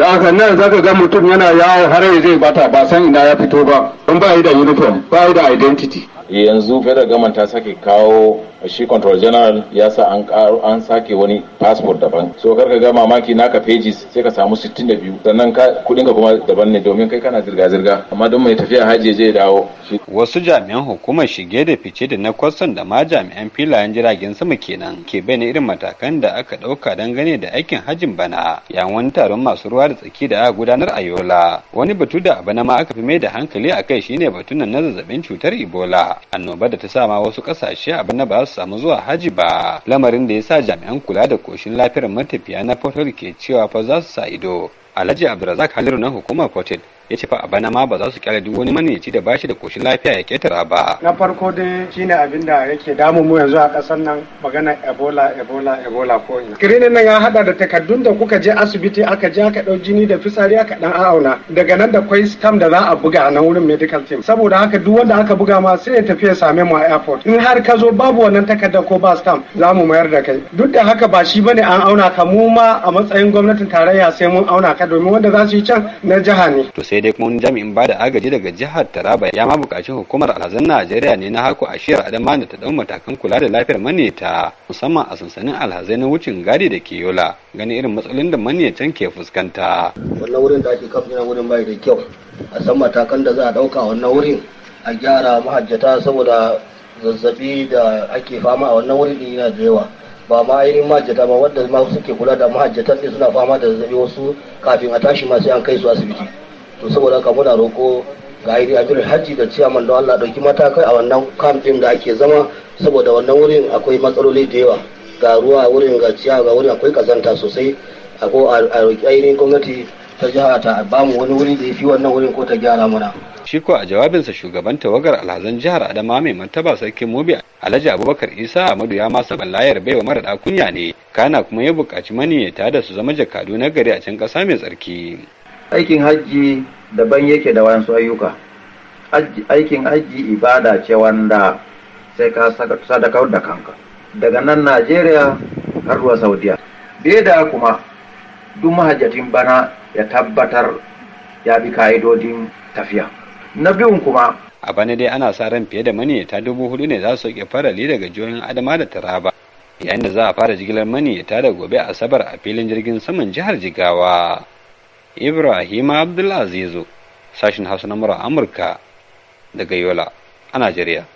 da aka nan zaka ga mutum yana yawo har ya zai bata ba san ina ya fito ba don ba yi da uniform ba da identity yanzu da gaman ta sake kawo shi control general ya sa an karo an sake wani passport daban so ka ga mamaki naka pages sai ka samu 62 sannan ka kudin ka kuma daban ne domin kai kana zirga zirga amma don mai tafiya haji zai dawo wasu jami'an hukumar shige da fice da na kwason da ma jami'an filayen jiragen sama kenan ke bayyana irin matakan da aka dauka dangane da aikin hajin bana yayin wani taron masu ruwa da tsaki da aka gudanar a Yola wani batu da bana ma aka fi mai da hankali a kai shine batunan na zazzabin cutar Ebola annoba da ta sa ma wasu kasashe a bana ba su samu zuwa haji ba lamarin da ya sa jami'an kula da koshin lafiyar matafiya na portal ke cewa fa za su sa ido Alhaji Abdulrazak Haliru na hukumar portal ya ce fa a bana ma ba za su kyale duk wani maniyaci da bashi da koshin lafiya ya ketara ba. Na farko dai shine abin da yake damu mu yanzu a kasar nan magana Ebola Ebola Ebola ko ina. Kirinin nan ya hada da takardun da kuka je asibiti aka je aka dau jini da fitsari aka dan auna daga nan da kwai stam da za a buga a nan wurin medical team saboda haka duk wanda aka buga ma sai ya tafi ya same mu a airport in har ka zo babu wannan takardar ko ba stam za mu mayar da kai duk da haka ba shi bane an auna ka mu ma a matsayin gwamnatin tarayya sai mun auna ka domin wanda za su yi can na jiha ne. To sai dai kuma wani jami'in ba da agaji daga jihar Taraba ya ma buƙaci hukumar alhazan Najeriya ne na hako a shiyar Adama da ta ɗau matakan kula da lafiyar maneta musamman a sansanin alhazai na wucin gadi da ke Yola gani irin matsalolin da maniyatan ke fuskanta. Wannan wurin da ake kafin wurin bai da kyau a san matakan da za a ɗauka wannan wurin a gyara mahajjata saboda zazzabi da ake fama a wannan wurin yana da yawa. ba ma ainihin mahajjata ba wanda ma suke kula da mahajjatan ne suna fama da zazzabi wasu kafin a tashi ma sai an kai su asibiti to saboda haka muna roko ga ainihin amirul hajji da ciyaman don allah dauki matakai a wannan kam ɗin da ake zama saboda wannan wurin akwai matsaloli da yawa ga ruwa wurin ga ciyawa ga wurin akwai kazanta sosai a ainihin gwamnati ta jiha ta ba mu wani wuri da ya fi wannan wurin ko ta gyara mana. shi ko a jawabinsa shugaban tawagar alhazan jihar adama mai martaba sarkin mobi alhaji abubakar isa amadu ya masa ballayar baiwa mara kunya ne kana kuma ya buƙaci maniyyata da su zama jakadu na gari a can ƙasa mai tsarki aikin hajji daban yake da wayansu ayyuka aikin hajji ibada ce wanda sai ka sadakar da kanka daga nan najeriya har zuwa saudiya beda kuma duk mahajjatin bana ya tabbatar ya bi ka'idodin tafiya na biyun kuma a bana dai ana sa ran fiye da maniyyata dubu hudu ne za su ke farali daga jihohin adama da taraba yayin da za a fara jigilar maniyyata da gobe a asabar a filin jirgin saman jihar jigawa ibrahim abdulazizu sashin hausa na amurka daga yola a najeriya